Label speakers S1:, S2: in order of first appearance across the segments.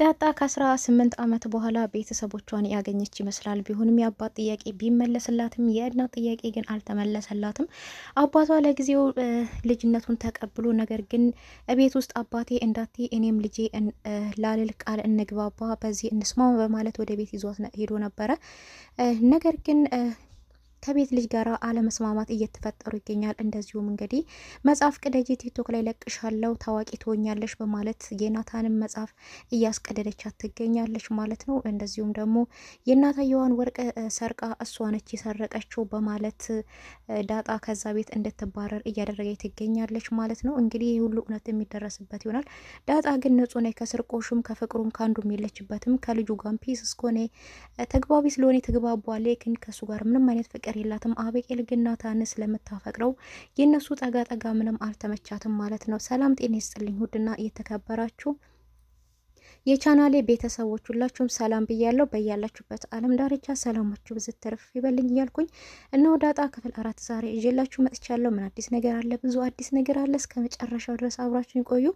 S1: ዳጣ ከአስራ ስምንት ዓመት በኋላ ቤተሰቦቿን ያገኘች ይመስላል። ቢሆንም የአባት ጥያቄ ቢመለስላትም የእናት ጥያቄ ግን አልተመለሰላትም። አባቷ ለጊዜው ልጅነቱን ተቀብሎ ነገር ግን ቤት ውስጥ አባቴ እንዳቴ እኔም ልጄ ላልል ቃል እንግባባ፣ በዚህ እንስማማ በማለት ወደ ቤት ይዟት ሄዶ ነበረ ነገር ግን ከቤት ልጅ ጋር አለመስማማት እየተፈጠሩ ይገኛል። እንደዚሁም እንግዲህ መጽሐፍ ቅደጂ ቲክቶክ ላይ ለቅሻለው ታዋቂ ትሆኛለች በማለት የናታንም መጽሐፍ እያስቀደደቻት ትገኛለች ማለት ነው። እንደዚሁም ደግሞ የእናትየዋን ወርቅ ሰርቃ እሷ ነች የሰረቀችው በማለት ዳጣ ከዛ ቤት እንድትባረር እያደረገ ትገኛለች ማለት ነው። እንግዲህ ይህ ሁሉ እውነት የሚደረስበት ይሆናል። ዳጣ ግን ንጹሕ ነኝ፣ ከስርቆሹም ከፍቅሩም ከአንዱ የሚለችበትም ከልጁ ጋር ፒስ እስኮኔ ተግባቢ ስለሆነ ተግባቧ፣ ግን ከእሱ ጋር ምንም አይነት ፍቅር ፍቅር የላትም። አቤቄል ግን ናታን ስለምታፈቅረው የእነሱ ጠጋ ጠጋ ምንም አልተመቻትም ማለት ነው። ሰላም ጤና ይስጥልኝ ውድና እየተከበራችሁ የቻናሌ ቤተሰቦች ሁላችሁም ሰላም ብያለሁ። በያላችሁበት ዓለም ዳርቻ ሰላማችሁ ብዝት ይበልኝ እያልኩኝ እነሆ ዳጣ ክፍል አራት ዛሬ ይዤላችሁ መጥቻለሁ። ምን አዲስ ነገር አለ? ብዙ አዲስ ነገር አለ። እስከ መጨረሻው ድረስ አብራችሁን ቆዩ።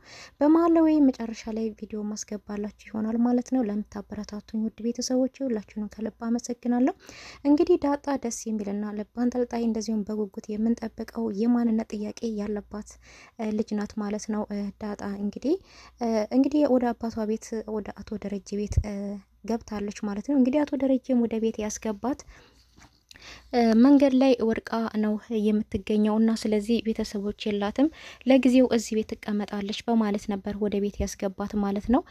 S1: በመሀል ወይም መጨረሻ ላይ ቪዲዮ ማስገባላችሁ ይሆናል ማለት ነው። ለምታበረታቱኝ ውድ ቤተሰቦች ሁላችሁንም ከልብ አመሰግናለሁ። እንግዲህ ዳጣ ደስ የሚልና ልብ አንጠልጣይ እንደዚሁም በጉጉት የምንጠብቀው የማንነት ጥያቄ ያለባት ልጅ ናት ማለት ነው። ዳጣ እንግዲህ እንግዲህ ወደ አባቷ ቤት ወደ አቶ ደረጀ ቤት ገብታለች ማለት ነው። እንግዲህ አቶ ደረጀም ወደ ቤት ያስገባት መንገድ ላይ ወድቃ ነው የምትገኘው እና ስለዚህ ቤተሰቦች የላትም፣ ለጊዜው እዚህ ቤት ትቀመጣለች በማለት ነበር ወደ ቤት ያስገባት ማለት ነው።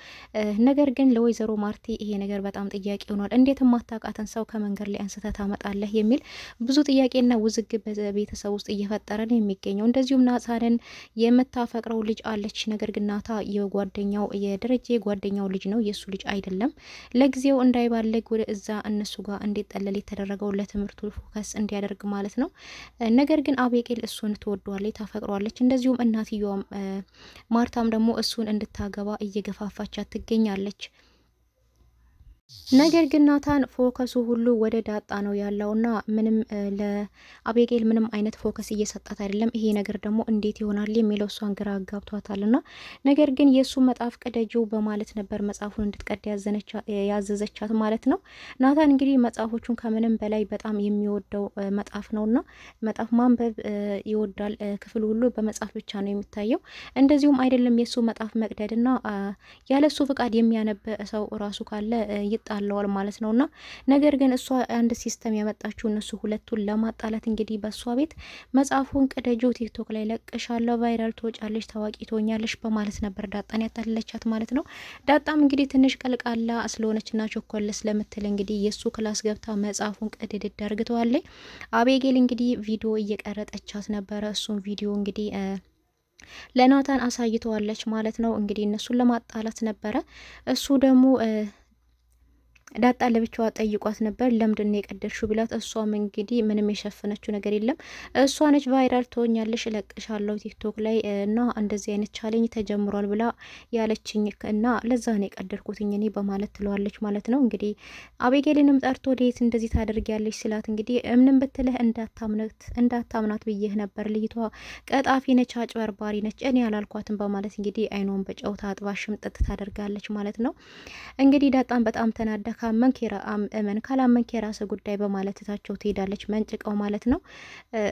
S1: ነገር ግን ለወይዘሮ ማርቲ ይሄ ነገር በጣም ጥያቄ ሆኗል። እንዴት ማታቃትን ሰው ከመንገድ ላይ አንስተ ታመጣለህ የሚል ብዙ ጥያቄና ውዝግብ በቤተሰብ ውስጥ እየፈጠረ ነው የሚገኘው። እንደዚሁም ናታንን የምታፈቅረው ልጅ አለች። ነገር ግን ናታ የጓደኛው የደረጀ ጓደኛው ልጅ ነው የእሱ ልጅ አይደለም። ለጊዜው እንዳይባለግ ወደ እዛ እነሱ ጋር እንዲጠለል የተደረገው ለትምህርቱ ትኩረቱን ፎከስ እንዲያደርግ ማለት ነው። ነገር ግን አቤቄል እሱን ትወደዋለች፣ ታፈቅሯለች። እንደዚሁም እናትየዋም ማርታም ደግሞ እሱን እንድታገባ እየገፋፋቻት ትገኛለች። ነገር ግን ናታን ፎከሱ ሁሉ ወደ ዳጣ ነው ያለውና ምንም ለአቤጌል ምንም አይነት ፎከስ እየሰጣት አይደለም። ይሄ ነገር ደግሞ እንዴት ይሆናል የሚለው እሷን ግራ አጋብቷታልና ነገር ግን የእሱ መጽሐፍ ቅደጂው በማለት ነበር መጽሐፉን እንድትቀድ ያዘዘቻት ማለት ነው። ናታን እንግዲህ መጽሐፎቹን ከምንም በላይ በጣም የሚወደው መጽሐፍ ነውና መጽሐፍ ማንበብ ይወዳል። ክፍል ሁሉ በመጽሐፍ ብቻ ነው የሚታየው። እንደዚሁም አይደለም የእሱ መጽሐፍ መቅደድና ያለሱ ፍቃድ የሚያነብ ሰው ራሱ ካለ ይጣለዋል ማለት ነውና ነገር ግን እሷ አንድ ሲስተም ያመጣችው እነሱ ሁለቱን ለማጣላት እንግዲህ በእሷ ቤት መጽሐፉን ቅደጆ ቲክቶክ ላይ ለቅሻለሁ፣ ቫይራል ትወጫለች፣ ታዋቂ ትሆኛለች በማለት ነበር ዳጣን ያታለለቻት ማለት ነው። ዳጣም እንግዲህ ትንሽ ቀልቃላ ስለሆነችና ቾኮል ስለምትል እንግዲህ የእሱ ክላስ ገብታ መጽሐፉን ቅድድድ አርግተዋለች። አቤጌል እንግዲህ ቪዲዮ እየቀረጠቻት ነበረ። እሱን ቪዲዮ እንግዲህ ለናታን አሳይተዋለች ማለት ነው። እንግዲህ እነሱን ለማጣላት ነበረ እሱ ደግሞ ዳጣ ለብቻዋ ጠይቋት ነበር። ለምንድነው የቀደድሽው ብላት፣ እሷም እንግዲህ ምንም የሸፈነችው ነገር የለም። እሷ ነች ቫይራል ትሆኛለሽ፣ እለቅሻለሁ ቲክቶክ ላይ እና እንደዚህ አይነት ቻሌንጅ ተጀምሯል ብላ ያለችኝ እና ለዛ ነው የቀደድኩትኝ እኔ በማለት ትለዋለች ማለት ነው። እንግዲህ አቤጌልንም ጠርቶ ዴት እንደዚህ ታደርጊያለሽ ስላት፣ እንግዲህ እምንም ብትልህ እንዳታምናት ብዬህ ነበር። ልይቷ ቀጣፊ ነች፣ አጭበርባሪ ነች፣ እኔ አላልኳትም በማለት እንግዲህ አይኗን በጨውታ አጥባሽም ጥጥ ታደርጋለች ማለት ነው። እንግዲህ ዳጣም በጣም ተናዳ ካመንክ እመን ካላመንክ የራስህ ጉዳይ በማለት እታቸው ትሄዳለች፣ መንጭቀው ማለት ነው።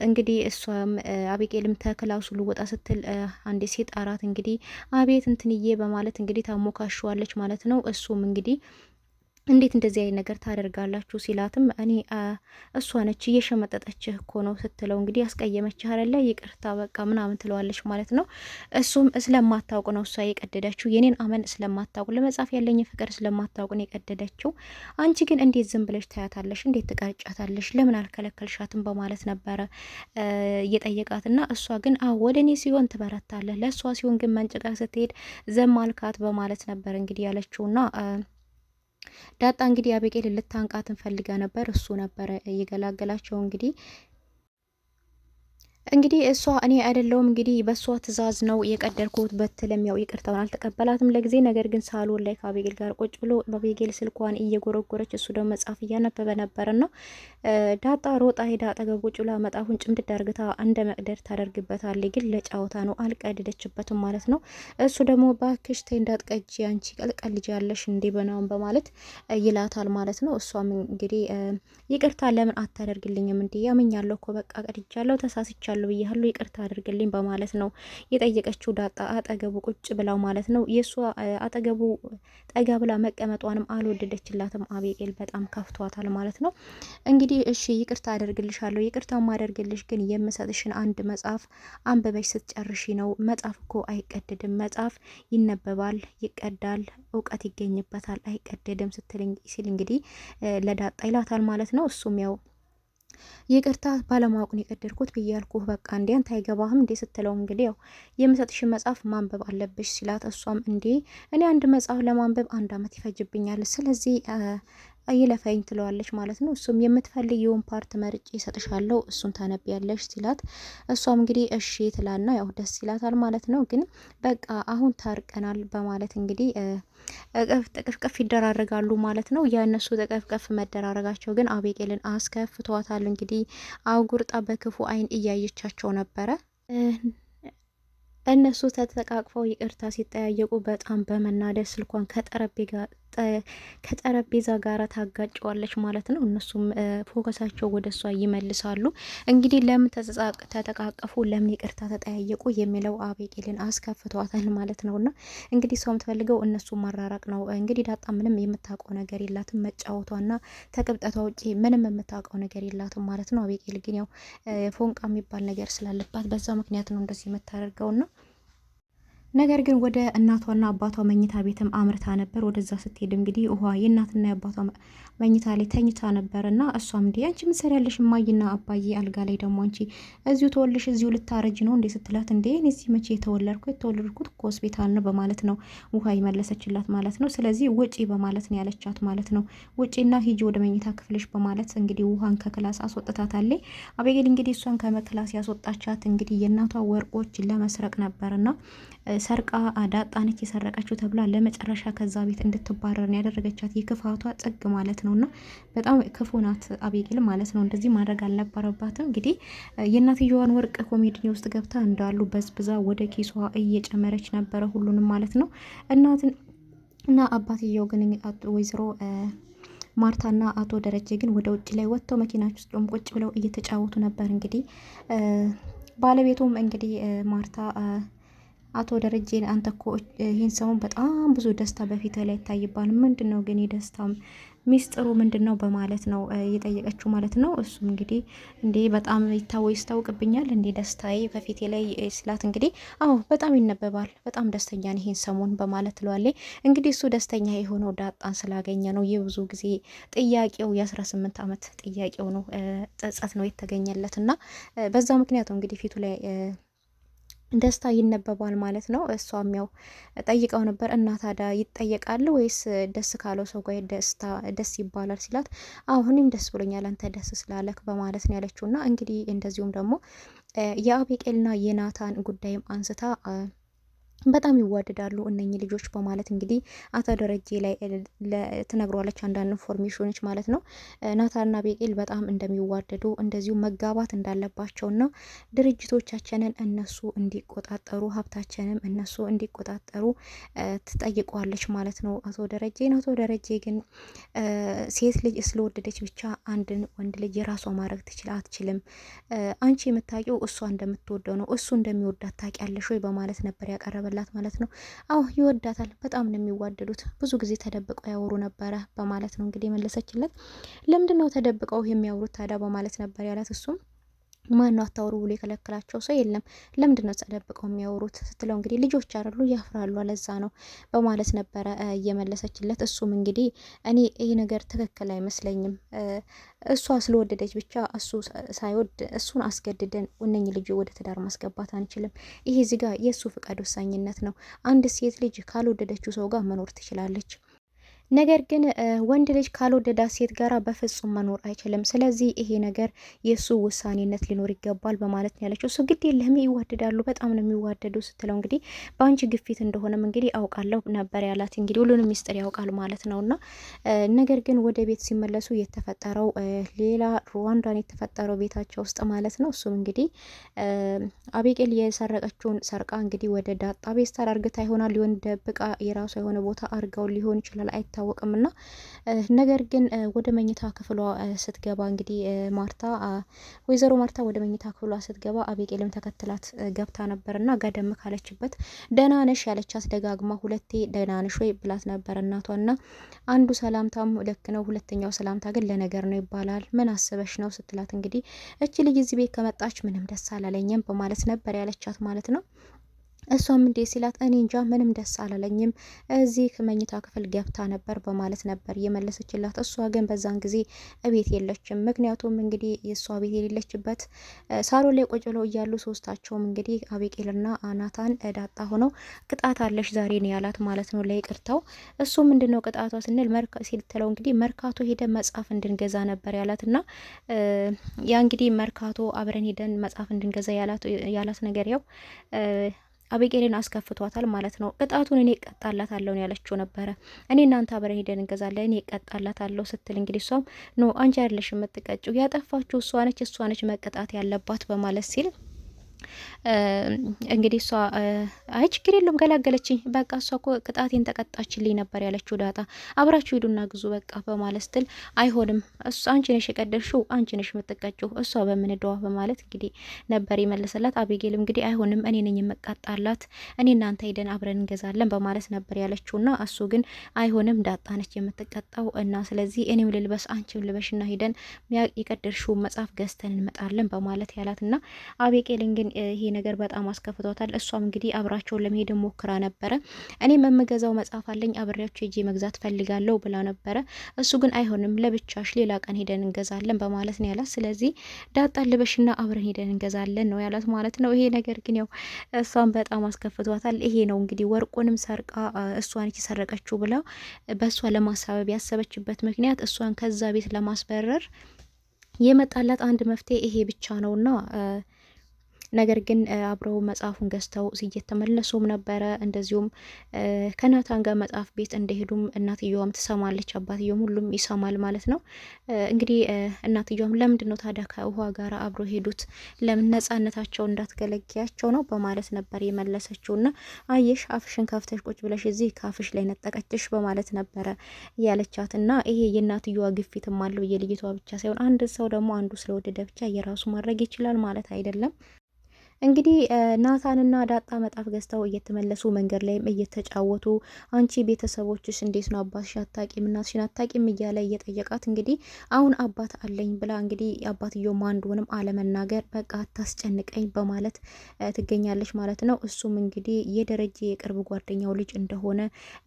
S1: እንግዲህ እሷም አቤቄልም ተክላሱ ልወጣ ስትል አንድ ሴት አራት እንግዲህ አቤት እንትንዬ በማለት እንግዲህ ታሞካሸዋለች ማለት ነው። እሱም እንግዲህ እንዴት እንደዚህ አይነት ነገር ታደርጋላችሁ? ሲላትም እኔ እሷ ነች እየሸመጠጠችህ እኮ ነው ስትለው እንግዲህ ያስቀየመችህ አይደለ ይቅርታ በቃ ምናምን ትለዋለች ማለት ነው። እሱም ስለማታውቅ ነው እሷ የቀደደችው፣ የኔን አመን ስለማታውቅ፣ ለመጻፍ ያለኝ ፍቅር ስለማታውቅ ነው የቀደደችው። አንቺ ግን እንዴት ዝም ብለሽ ታያታለሽ? እንዴት ትቀርጫታለሽ? ለምን አልከለከልሻትም? በማለት ነበረ እየጠየቃትና እሷ ግን አዎ ወደ እኔ ሲሆን ትበረታለህ፣ ለእሷ ሲሆን ግን መንጭቃ ስትሄድ ዘማልካት በማለት ነበር እንግዲህ ያለችውና ዳጣ እንግዲህ አቤቄልን ልታንቃትን ፈልጋ ነበር። እሱ ነበረ እየገላገላቸው እንግዲህ እንግዲህ እሷ እኔ አይደለውም እንግዲህ በእሷ ትእዛዝ ነው የቀደርኩት በትልም ያው ይቅርታውን አልተቀበላትም ለጊዜ። ነገር ግን ሳሎን ላይ ከአቤጌል ጋር ቁጭ ብሎ አቤጌል ስልኳን እየጎረጎረች እሱ ደግሞ መጽሐፍ እያነበበ ነበር ና ዳጣ ሮጣ ሄዳ አጠገብ ቁጭ ብላ መጣፉን ጭምድድ አርግታ እንደ መቅደድ ታደርግበታል ግን ለጫወታ ነው አልቀደደችበትም ማለት ነው። እሱ ደግሞ ባክሽ ተይ እንዳትቀጂ አንቺ ቀልቀልጅ ያለሽ እንዴ በናውን በማለት ይላታል ማለት ነው። እሷም እንግዲህ ይቅርታ ለምን አታደርግልኝም እንዲ ያምኛለሁ እኮ በቃ ቀድጃለሁ ተሳስቻለሁ አጥፍቻለሁ ብያለሁ ይቅርታ አድርግልኝ በማለት ነው የጠየቀችው። ዳጣ አጠገቡ ቁጭ ብላው ማለት ነው የእሷ አጠገቡ ጠጋ ብላ መቀመጧንም አልወደደችላትም። አቤቄል በጣም ከፍቷታል ማለት ነው። እንግዲህ እሺ ይቅርታ አደርግልሻለሁ፣ ይቅርታ ማደርግልሽ ግን የምሰጥሽን አንድ መጽሐፍ አንብበሽ ስትጨርሺ ነው። መጽሐፍ እኮ አይቀደድም፣ መጽሐፍ ይነበባል፣ ይቀዳል፣ እውቀት ይገኝበታል፣ አይቀደድም ስትል ሲል እንግዲህ ለዳጣ ይላታል ማለት ነው እሱም ያው ይቅርታ ባለማወቅን የቀደርኩት ብዬ በቃ እንዴ አንተ አይገባህም እንዴ ስትለው እንግዲህ ያው የምሰጥሽ መጽሐፍ ማንበብ አለብሽ ሲላት እሷም እንዴ እኔ አንድ መጽሐፍ ለማንበብ አንድ አመት ይፈጅብኛል ስለዚህ ይለፈኝ ትለዋለች ማለት ነው። እሱም የምትፈልጊውን ፓርት መርጬ ይሰጥሻለሁ እሱን ታነቢያለሽ ሲላት እሷም እንግዲህ እሺ ትላና ያው ደስ ይላታል ማለት ነው። ግን በቃ አሁን ታርቀናል በማለት እንግዲህ ጥቅፍቅፍ ይደራረጋሉ ማለት ነው። የእነሱ ጥቅፍቅፍ መደራረጋቸው ግን አቤቄልን አስከፍቷታል። እንግዲህ አጉርጣ በክፉ አይን እያየቻቸው ነበረ። እነሱ ተጠቃቅፈው ይቅርታ ሲጠያየቁ በጣም በመናደድ ስልኳን ከጠረጴዛ ከጠረጴዛ ጋር ታጋጨዋለች ማለት ነው። እነሱም ፎከሳቸው ወደ እሷ ይመልሳሉ። እንግዲህ ለምን ተተቃቀፉ፣ ለምን ይቅርታ ተጠያየቁ የሚለው አቤቄልን አስከፍቷታል ማለት ነው። እና እንግዲህ ሰው የምትፈልገው እነሱ ማራራቅ ነው። እንግዲህ ዳጣ ምንም የምታውቀው ነገር የላትም። መጫወቷና ተቅብጠቷ ውጪ ምንም የምታውቀው ነገር የላትም ማለት ነው። አቤቄል ግን ያው ፎንቃ የሚባል ነገር ስላለባት በዛ ምክንያት ነው እንደዚህ የምታደርገውና ነገር ግን ወደ እናቷና አባቷ መኝታ ቤትም አምርታ ነበር። ወደዛ ስትሄድ እንግዲህ ውሃ የእናትና የአባቷ መኝታ ላይ ተኝታ ነበር እና እሷም እንዲ አንቺ ምን ሰሪያለሽ እማዬና አባዬ አልጋ ላይ ደግሞ አንቺ እዚሁ ተወልሽ እዚሁ ልታረጅ ነው እንዴ ስትላት፣ እንዴ እኔ እዚህ መቼ የተወለድኩ የተወለድኩት ሆስፒታል ነው በማለት ነው ውሃ ይመለሰችላት ማለት ነው። ስለዚህ ውጪ በማለት ነው ያለቻት ማለት ነው። ውጪና ሂጂ ወደ መኝታ ክፍልሽ በማለት እንግዲህ ውሃን ከክላስ አስወጥታት አለ አቤጌል እንግዲህ እሷን ከመክላስ ያስወጣቻት እንግዲህ የእናቷ ወርቆች ለመስረቅ ነበርና ሰርቃ ዳጣነች የሰረቀችው ተብላ ለመጨረሻ ከዛ ቤት እንድትባረር ያደረገቻት የክፋቷ ጥግ ማለት ነው። እና በጣም ክፉ ናት አቤጊል ማለት ነው። እንደዚህ ማድረግ አልነበረባትም። እንግዲህ የእናትየዋን ወርቅ ኮሜዲ ውስጥ ገብታ እንዳሉ በዝብዛ ወደ ኪሷ እየጨመረች ነበረ ሁሉንም ማለት ነው። እናትን እና አባትየው ግን ወይዘሮ ማርታና አቶ ደረጀ ግን ወደ ውጭ ላይ ወጥተው መኪናች ውስጥ ቁጭ ብለው እየተጫወቱ ነበር። እንግዲህ ባለቤቱም እንግዲህ ማርታ አቶ ደረጀ አንተ እኮ ይህን ሰሞን በጣም ብዙ ደስታ በፊት ላይ ይታይባል። ምንድን ነው ግን የደስታ ሚስጥሩ ምንድን ነው? በማለት ነው እየጠየቀችው ማለት ነው። እሱም እንግዲህ እንዴ በጣም ይታወ ይስታውቅብኛል እንዴ ደስታዬ በፊቴ ላይ ስላት እንግዲህ አዎ በጣም ይነበባል፣ በጣም ደስተኛ ነው ይህን ሰሞን በማለት ትለዋለ። እንግዲህ እሱ ደስተኛ የሆነው ዳጣን ስላገኘ ነው። የብዙ ጊዜ ጥያቄው የ18 ዓመት ጥያቄው ነው ጸጸት ነው የተገኘለት እና በዛ ምክንያቱ እንግዲህ ፊቱ ላይ ደስታ ይነበባል ማለት ነው። እሷም ያው ጠይቀው ነበር እና ታዲያ ይጠየቃል ወይስ ደስ ካለው ሰው ጋር ደስታ ደስ ይባላል ሲላት፣ አሁንም ደስ ብሎኛል አንተ ደስ ስላለክ በማለት ነው ያለችው። እና እንግዲህ እንደዚሁም ደግሞ የአቤቄልና የናታን ጉዳይም አንስታ በጣም ይዋደዳሉ እነኚህ ልጆች በማለት እንግዲህ አቶ ደረጀ ላይ ትነግሯለች አንዳንድ ኢንፎርሜሽኖች ማለት ነው። ናታና ቤቄል በጣም እንደሚዋደዱ እንደዚሁ መጋባት እንዳለባቸውና ድርጅቶቻችንን እነሱ እንዲቆጣጠሩ ሀብታችንም እነሱ እንዲቆጣጠሩ ትጠይቋለች ማለት ነው አቶ ደረጀ። አቶ ደረጀ ግን ሴት ልጅ ስለወደደች ብቻ አንድን ወንድ ልጅ የራሷ ማድረግ ትችል አትችልም። አንቺ የምታውቂው እሷ እንደምትወደው ነው፣ እሱ እንደሚወዳት ታውቂያለሽ ወይ በማለት ነበር ያቀረበ ሲያቀርብላት ማለት ነው። አዎ ይወዳታል፣ በጣም ነው የሚዋደዱት፣ ብዙ ጊዜ ተደብቀው ያወሩ ነበረ በማለት ነው እንግዲህ የመለሰችለት። ለምንድን ነው ተደብቀው የሚያወሩት ታዲያ በማለት ነበር ያላት እሱም ማነው አታውሩ ብሎ የከለከላቸው ሰው የለም። ለምንድን ነው ተደብቀው የሚያወሩት ስትለው እንግዲህ ልጆች አይደሉ ያፍራሉ፣ ለዛ ነው በማለት ነበረ እየመለሰችለት። እሱም እንግዲህ እኔ ይህ ነገር ትክክል አይመስለኝም፣ እሷ ስለወደደች ብቻ እሱ ሳይወድ እሱን አስገድደን እነኝ ልጅ ወደ ትዳር ማስገባት አንችልም። ይሄ እዚህ ጋር የእሱ ፍቃድ ወሳኝነት ነው። አንድ ሴት ልጅ ካልወደደችው ሰው ጋር መኖር ትችላለች። ነገር ግን ወንድ ልጅ ካልወደዳ ሴት ጋር በፍጹም መኖር አይችልም። ስለዚህ ይሄ ነገር የእሱ ውሳኔነት ሊኖር ይገባል በማለት ነው ያለችው። እሱ ግድ የለም ይዋደዳሉ፣ በጣም ነው የሚዋደዱ ስትለው እንግዲህ በአንቺ ግፊት እንደሆነም እንግዲህ አውቃለሁ ነበር ያላት። እንግዲህ ሁሉንም ሚስጥር ያውቃል ማለት ነውና ነገር ግን ወደ ቤት ሲመለሱ የተፈጠረው ሌላ ሩዋንዳን የተፈጠረው ቤታቸው ውስጥ ማለት ነው። እሱም እንግዲህ አቤቄል የሰረቀችውን ሰርቃ እንግዲህ ወደ ዳጣ ቤስታር አርግታ ይሆናል ሊሆን ደብቃ የራሷ የሆነ ቦታ አርገው ሊሆን ይችላል አይታ አይታወቅም ና ነገር ግን ወደ መኝታ ክፍሏ ስትገባ እንግዲህ ማርታ ወይዘሮ ማርታ ወደ መኝታ ክፍሏ ስትገባ አቤቄልም ተከትላት ገብታ ነበር ና ጋደም ካለችበት ደህና ነሽ ያለቻት ደጋግማ ሁለቴ ደህና ነሽ ወይ ብላት ነበር እናቷ ና አንዱ ሰላምታም ልክ ነው፣ ሁለተኛው ሰላምታ ግን ለነገር ነው ይባላል። ምን አስበሽ ነው ስትላት እንግዲህ እች ልጅ እዚህ ቤት ከመጣች ምንም ደስ አላለኝም በማለት ነበር ያለቻት ማለት ነው። እሷም እንዴ ሲላት እኔ እንጃ ምንም ደስ አላለኝም እዚህ መኝታ ክፍል ገብታ ነበር በማለት ነበር የመለሰችላት። እሷ ግን በዛን ጊዜ እቤት የለችም። ምክንያቱም እንግዲህ የእሷ ቤት የሌለችበት ሳሎን ላይ ቁጭ ብለው እያሉ ሶስታቸውም እንግዲህ አቤቄልና ናታን ዳጣ ሆነው ቅጣት አለሽ ዛሬ ነው ያላት ማለት ነው ለይቅርታው። እሱ ምንድነው ቅጣቷ ስንል ሲልትለው እንግዲህ መርካቶ ሄደን መጽሐፍ እንድንገዛ ነበር ያላት እና ያ እንግዲህ መርካቶ አብረን ሄደን መጽሐፍ እንድንገዛ ያላት ነገር ያው አቤቄልን አስከፍቷታል ማለት ነው። ቅጣቱን እኔ እቀጣላታለሁ ነው ያለችው ነበረ። እኔ እናንተ አብረን ሄደን እንገዛለን፣ እኔ እቀጣላታለሁ ስትል እንግዲህ እሷም ኖ አንቺ አይደለሽ የምትቀጭው፣ ያጠፋችው እሷ ነች፣ እሷ ነች መቀጣት ያለባት በማለት ሲል እንግዲህ እሷ አይ ችግር የለውም ገላገለችኝ፣ በቃ እሷ እኮ ቅጣቴን ተቀጣችልኝ ነበር ያለችው ዳጣ። አብራችሁ ሂዱና ግዙ በቃ በማለት ስትል አይሆንም፣ እሱ አንቺ ነሽ የቀደሽው፣ አንቺ ነሽ የምትቀጭው፣ እሷ በምን ደዋ በማለት እንግዲህ ነበር የመለሰላት። አቤጌል እንግዲህ አይሆንም፣ እኔ ነኝ የምቃጣላት፣ እኔ እናንተ ሄደን አብረን እንገዛለን በማለት ነበር ያለችውና እሱ ግን አይሆንም፣ ዳጣ ነች የምትቀጣው እና ስለዚህ እኔም ልልበስ አንቺም ልበሽና ሂደን የቀደርሽውን መጽሐፍ ገዝተን እንመጣለን በማለት ያላትና አቤጌልን ግን ይሄ ነገር በጣም አስከፍቷታል። እሷም እንግዲህ አብራቸውን ለመሄድ ሞክራ ነበረ። እኔ የምገዛው መጽሐፍ አለኝ አብሬያቸው ሄጄ መግዛት ፈልጋለሁ ብላ ነበረ። እሱ ግን አይሆንም፣ ለብቻሽ ሌላ ቀን ሄደን እንገዛለን በማለት ነው ያላት። ስለዚህ ዳጣ ልበሽና አብረን ሄደን እንገዛለን ነው ያላት ማለት ነው። ይሄ ነገር ግን ያው እሷም በጣም አስከፍቷታል። ይሄ ነው እንግዲህ ወርቁንም ሰርቃ እሷን የሰረቀችው ብላ በእሷ ለማሳበብ ያሰበችበት ምክንያት እሷን ከዛ ቤት ለማስበረር የመጣላት አንድ መፍትሄ ይሄ ብቻ ነውና ነገር ግን አብረው መጽሐፉን ገዝተው እየተመለሱም ነበረ። እንደዚሁም ከናታን ጋር መጽሐፍ ቤት እንደሄዱም እናትየዋም ትሰማለች፣ አባትየውም ሁሉም ይሰማል ማለት ነው። እንግዲህ እናትየዋም ለምንድን ነው ታዲያ ከውሃ ጋር አብሮ ሄዱት ለምን ነጻነታቸው እንዳትገለጊያቸው ነው በማለት ነበር የመለሰችው። እና አየሽ አፍሽን ከፍተሽ ቁጭ ብለሽ እዚህ ከአፍሽ ላይ ነጠቀችሽ በማለት ነበረ ያለቻት። እና ይሄ የእናትየዋ ግፊትም አለው የልጅቷ ብቻ ሳይሆን አንድ ሰው ደግሞ አንዱ ስለወደደ ብቻ የራሱ ማድረግ ይችላል ማለት አይደለም። እንግዲህ ናታንና ዳጣ መጣፍ ገዝተው እየተመለሱ መንገድ ላይም እየተጫወቱ አንቺ ቤተሰቦችሽ እንዴት ነው አባትሽ አታቂም እናትሽን አታቂም እያለ እየጠየቃት እንግዲህ አሁን አባት አለኝ ብላ እንግዲህ አባትየውም አንዱንም አለመናገር በቃ አታስጨንቀኝ በማለት ትገኛለች ማለት ነው። እሱም እንግዲህ የደረጀ የቅርብ ጓደኛው ልጅ እንደሆነ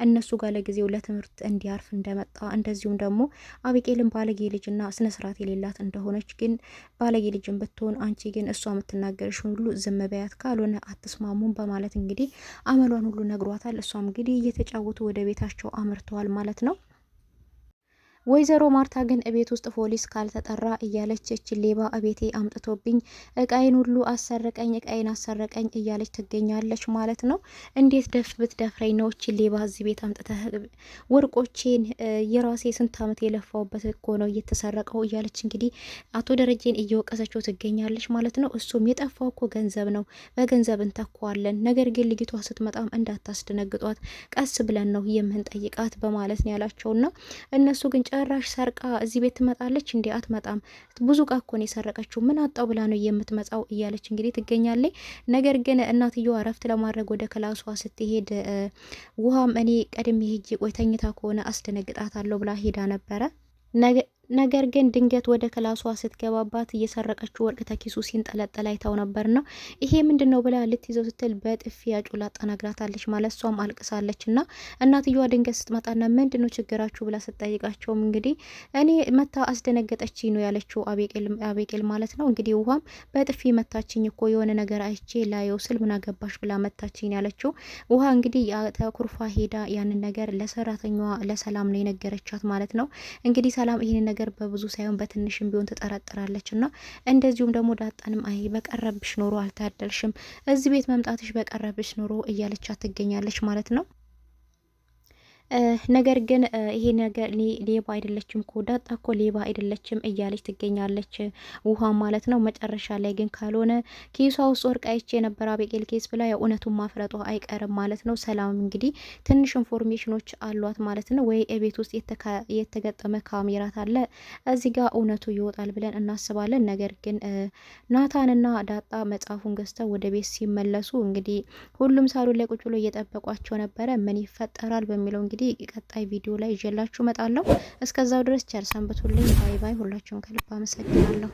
S1: እነሱ ጋር ለጊዜው ለትምህርት እንዲያርፍ እንደመጣ እንደዚሁም ደግሞ አቢቄልም ባለጌ ልጅና ስነስርዓት የሌላት እንደሆነች ግን ባለጌ ልጅን ብትሆን አንቺ ግን እሷ የምትናገርሽ ሁሉ ዝም በያት ካልሆነ አትስማሙም በማለት እንግዲህ አመሏን ሁሉ ነግሯታል። እሷም እንግዲህ እየተጫወቱ ወደ ቤታቸው አምርተዋል ማለት ነው። ወይዘሮ ማርታ ግን እቤት ውስጥ ፖሊስ ካልተጠራ እያለች እች ሌባ እቤቴ አምጥቶብኝ እቃይን ሁሉ አሰረቀኝ፣ እቃይን አሰረቀኝ እያለች ትገኛለች ማለት ነው። እንዴት ደፍ ብትደፍረኝ ነው እች ሌባ እዚህ ቤት አምጥተህ ወርቆቼን የራሴ ስንት ዓመት የለፋውበት እኮ ነው እየተሰረቀው እያለች እንግዲህ አቶ ደረጀን እየወቀሰችው ትገኛለች ማለት ነው። እሱም የጠፋው እኮ ገንዘብ ነው፣ በገንዘብ እንተኳለን። ነገር ግን ልጅቷ ስትመጣም እንዳታስደነግጧት፣ ቀስ ብለን ነው የምንጠይቃት በማለት ነው ያላቸውና እነሱ ግን ጭራሽ ሰርቃ እዚህ ቤት ትመጣለች እንዴ? አትመጣም። ብዙ እቃ እኮ ነው የሰረቀችው። ምን አጣው ብላ ነው የምትመጣው? እያለች እንግዲህ ትገኛለች። ነገር ግን እናትየዋ እረፍት ለማድረግ ወደ ክላሷ ስትሄድ ውሃም እኔ ቀድሜ ሄጄ ቆይተኝታ ከሆነ አስደነግጣታለሁ ብላ ሄዳ ነበረ። ነገር ግን ድንገት ወደ ክላሷ ስትገባባት እየሰረቀችው ወርቅ ተኪሱ ሲንጠለጠል አይታው ነበርና ይሄ ምንድን ነው ብላ ልትይዘው ስትል በጥፊ ያጩላ አጠናግራታለች ማለት እሷም አልቅሳለች። እና እናትየዋ ድንገት ስትመጣና ምንድን ነው ችግራችሁ ብላ ስጠይቃቸውም እንግዲህ እኔ መታ አስደነገጠች ነው ያለችው አቤቄል ማለት ነው። እንግዲህ ውሃም በጥፊ መታችኝ እኮ የሆነ ነገር አይቼ ላየው ስል ምን አገባሽ ብላ መታችኝ ያለችው ውሃ እንግዲህ ተኩርፋ ሄዳ ያንን ነገር ለሰራተኛዋ ለሰላም ነው የነገረቻት ማለት ነው። እንግዲህ ሰላም ይህንን ነገር ነገር በብዙ ሳይሆን በትንሽም ቢሆን ትጠረጥራለች እና እንደዚሁም ደግሞ ዳጣንም አይ በቀረብሽ ኖሮ አልታደልሽም፣ እዚህ ቤት መምጣትሽ በቀረብሽ ኖሮ እያለቻት ትገኛለች ማለት ነው። ነገር ግን ይሄ ነገር ሌባ አይደለችም እኮ ዳጣ እኮ ሌባ አይደለችም እያለች ትገኛለች፣ ውሃ ማለት ነው። መጨረሻ ላይ ግን ካልሆነ ኬሷ ውስጥ ወርቅ አይቼ የነበረ አቤቄል ኬስ ብላ የእውነቱን ማፍረጧ አይቀርም ማለት ነው። ሰላም እንግዲህ ትንሽ ኢንፎርሜሽኖች አሏት ማለት ነው። ወይ ቤት ውስጥ የተገጠመ ካሜራት አለ እዚህ ጋር እውነቱ ይወጣል ብለን እናስባለን። ነገር ግን ናታንና ዳጣ መጽሐፉን ገዝተው ወደ ቤት ሲመለሱ እንግዲህ ሁሉም ሳሎን ላይ ቁጭ ብሎ እየጠበቋቸው ነበረ። ምን ይፈጠራል በሚለው እንግዲህ እንግዲህ ቀጣይ ቪዲዮ ላይ ይዤላችሁ እመጣለሁ። እስከዛው ድረስ ቸር ሰንብቱልኝ። ባይ ባይ። ሁላችሁም ከልብ አመሰግናለሁ።